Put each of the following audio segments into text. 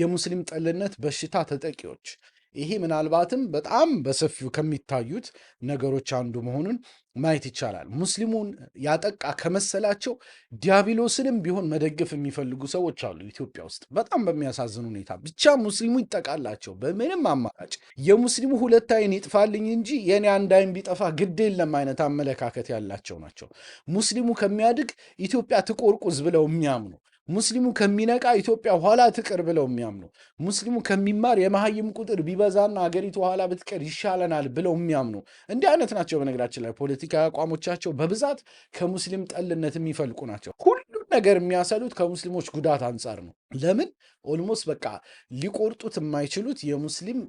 የሙስሊም ጠልነት በሽታ ተጠቂዎች ይሄ ምናልባትም በጣም በሰፊው ከሚታዩት ነገሮች አንዱ መሆኑን ማየት ይቻላል። ሙስሊሙን ያጠቃ ከመሰላቸው ዲያብሎስንም ቢሆን መደገፍ የሚፈልጉ ሰዎች አሉ ኢትዮጵያ ውስጥ በጣም በሚያሳዝን ሁኔታ። ብቻ ሙስሊሙ ይጠቃላቸው በምንም አማራጭ የሙስሊሙ ሁለት አይን ይጥፋልኝ እንጂ የኔ አንድ አይን ቢጠፋ ግድ የለም አይነት አመለካከት ያላቸው ናቸው። ሙስሊሙ ከሚያድግ ኢትዮጵያ ትቆርቁዝ ብለው የሚያምኑ ሙስሊሙ ከሚነቃ ኢትዮጵያ ኋላ ትቅር ብለው የሚያምኑ ሙስሊሙ ከሚማር የመሀይም ቁጥር ቢበዛና አገሪቱ ኋላ ብትቀር ይሻለናል ብለው የሚያምኑ እንዲህ አይነት ናቸው። በነገራችን ላይ ፖለቲካዊ አቋሞቻቸው በብዛት ከሙስሊም ጠልነት የሚፈልቁ ናቸው። ሁሉም ነገር የሚያሰሉት ከሙስሊሞች ጉዳት አንጻር ነው። ለምን ኦልሞስት በቃ ሊቆርጡት የማይችሉት የሙስሊም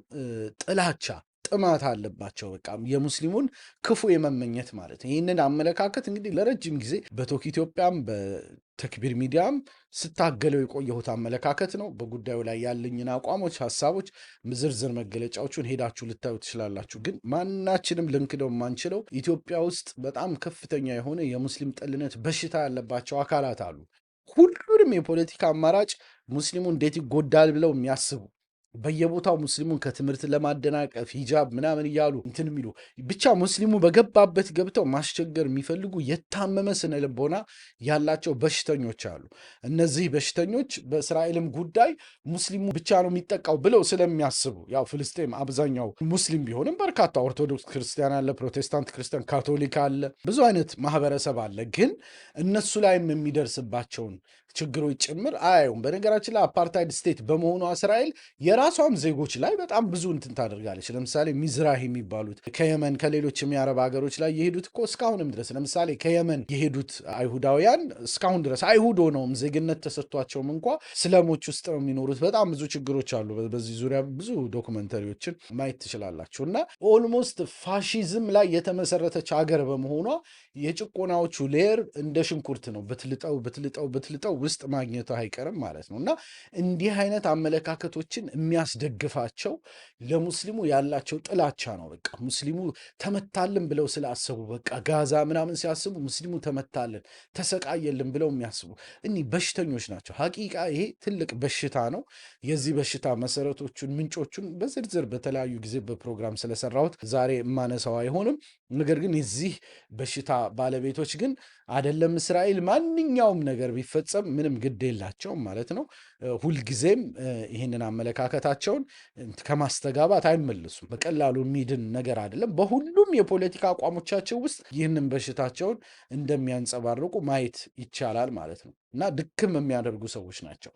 ጥላቻ ጥማት አለባቸው። በቃ የሙስሊሙን ክፉ የመመኘት ማለት ነው። ይህንን አመለካከት እንግዲህ ለረጅም ጊዜ በቶክ ኢትዮጵያም በተክቢር ሚዲያም ስታገለው የቆየሁት አመለካከት ነው። በጉዳዩ ላይ ያለኝን አቋሞች፣ ሀሳቦች ዝርዝር መገለጫዎቹን ሄዳችሁ ልታዩ ትችላላችሁ። ግን ማናችንም ልንክደው የማንችለው ኢትዮጵያ ውስጥ በጣም ከፍተኛ የሆነ የሙስሊም ጠልነት በሽታ ያለባቸው አካላት አሉ። ሁሉንም የፖለቲካ አማራጭ ሙስሊሙ እንዴት ይጎዳል ብለው የሚያስቡ በየቦታው ሙስሊሙን ከትምህርት ለማደናቀፍ ሂጃብ ምናምን እያሉ እንትን የሚሉ ብቻ ሙስሊሙ በገባበት ገብተው ማስቸገር የሚፈልጉ የታመመ ስነ ልቦና ያላቸው በሽተኞች አሉ። እነዚህ በሽተኞች በእስራኤልም ጉዳይ ሙስሊሙ ብቻ ነው የሚጠቃው ብለው ስለሚያስቡ ያው ፍልስጤም አብዛኛው ሙስሊም ቢሆንም በርካታ ኦርቶዶክስ ክርስቲያን አለ፣ ፕሮቴስታንት ክርስቲያን፣ ካቶሊክ አለ፣ ብዙ አይነት ማህበረሰብ አለ። ግን እነሱ ላይም የሚደርስባቸውን ችግሮች ጭምር አያዩም። በነገራችን ላይ አፓርታይድ ስቴት በመሆኗ እስራኤል በራሷም ዜጎች ላይ በጣም ብዙ እንትን ታደርጋለች። ለምሳሌ ሚዝራህ የሚባሉት ከየመን ከሌሎችም የአረብ ሀገሮች ላይ የሄዱት እኮ እስካሁንም ድረስ ለምሳሌ ከየመን የሄዱት አይሁዳውያን እስካሁን ድረስ አይሁድ ሆነውም ዜግነት ተሰጥቷቸውም እንኳ ስለሞች ውስጥ ነው የሚኖሩት። በጣም ብዙ ችግሮች አሉ። በዚህ ዙሪያ ብዙ ዶክመንተሪዎችን ማየት ትችላላችሁ። እና ኦልሞስት ፋሺዝም ላይ የተመሰረተች ሀገር በመሆኗ የጭቆናዎቹ ሌየር እንደ ሽንኩርት ነው ብትልጠው ብትልጠው ብትልጠው ውስጥ ማግኘቷ አይቀርም ማለት ነው እና እንዲህ አይነት አመለካከቶችን የሚያስደግፋቸው ለሙስሊሙ ያላቸው ጥላቻ ነው። በቃ ሙስሊሙ ተመታልን ብለው ስላሰቡ በቃ ጋዛ ምናምን ሲያስቡ ሙስሊሙ ተመታልን ተሰቃየልን ብለው የሚያስቡ እኒ በሽተኞች ናቸው። ሀቂቃ ይሄ ትልቅ በሽታ ነው። የዚህ በሽታ መሰረቶቹን ምንጮቹን በዝርዝር በተለያዩ ጊዜ በፕሮግራም ስለሰራሁት ዛሬ የማነሳው አይሆንም። ነገር ግን የዚህ በሽታ ባለቤቶች ግን አደለም እስራኤል ማንኛውም ነገር ቢፈጸም ምንም ግድ የላቸውም ማለት ነው። ሁልጊዜም ይህንን አመለካከት እውቀታቸውን ከማስተጋባት አይመልሱም። በቀላሉ የሚድን ነገር አይደለም። በሁሉም የፖለቲካ አቋሞቻቸው ውስጥ ይህንን በሽታቸውን እንደሚያንጸባርቁ ማየት ይቻላል ማለት ነው እና ድክም የሚያደርጉ ሰዎች ናቸው።